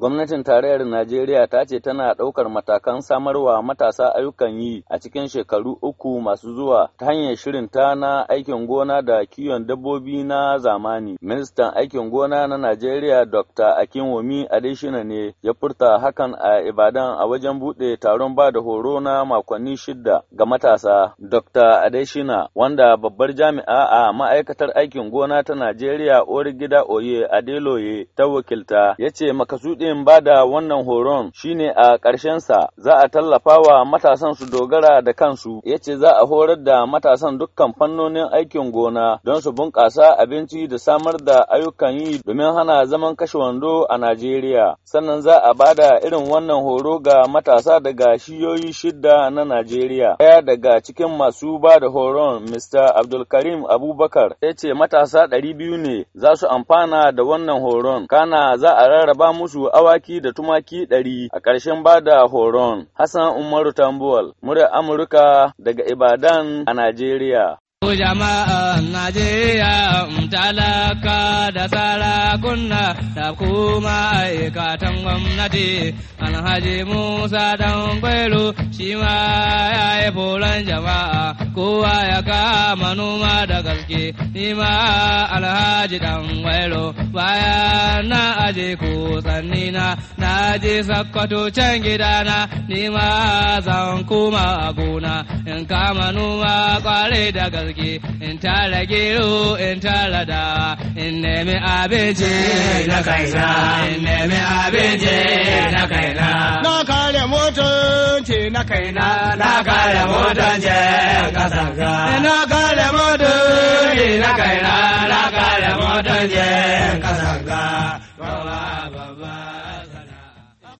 Gwamnatin tarayyar Najeriya ta ce tana ɗaukar matakan samarwa matasa ayyukan yi a cikin shekaru uku masu zuwa ta hanyar shirin ta na aikin gona da kiwon dabbobi na zamani. Ministan aikin gona na Najeriya Dr. Akinwumi Adeshina ne ya furta hakan a Ibadan a wajen buɗe taron ba da horo na makonni shida ga matasa. Dr. Adeshina wanda babbar jami'a a ma'aikatar aikin gona ta Najeriya Origida Oye Adeloye ta wakilta ya ce makasuɗin Muhimmin ba da wannan horon shine a ƙarshensa za a tallafa wa matasan su dogara da kansu, ya ce za a horar da matasan dukkan fannonin aikin gona don su bunƙasa abinci da samar da ayyukan yi domin hana zaman kashe wando a Najeriya. Sannan za a bada irin wannan horo ga matasa daga shiyoyi shidda na Najeriya. Ɗaya daga cikin masu ba da horon Mr. Abdulkarim Abubakar ya ce matasa ɗari biyu ne za su amfana da wannan horon. Kana za a rarraba musu awaki da tumaki ɗari a ƙarshen bada horon. Hassan Umaru Tambuwal, murya Amurka daga Ibadan a Najeriya. jama'a Najeriya talaka da sarakuna da kuma aikatan gwamnati alhaji Musa dan Bello shi ma ya yi jama'a kowa ya kama noma da gaske ni ma alhaji dan Bello baya ji ku kusanni na na je sakkwato can gidana ni ma zan kuma abuna in kama noma kwarai da gaske in tara gero in tara da in nemi abinci na kaina in nemi abinci na kaina na kare motoci na kaina na kare motoci kasanga na kare motoci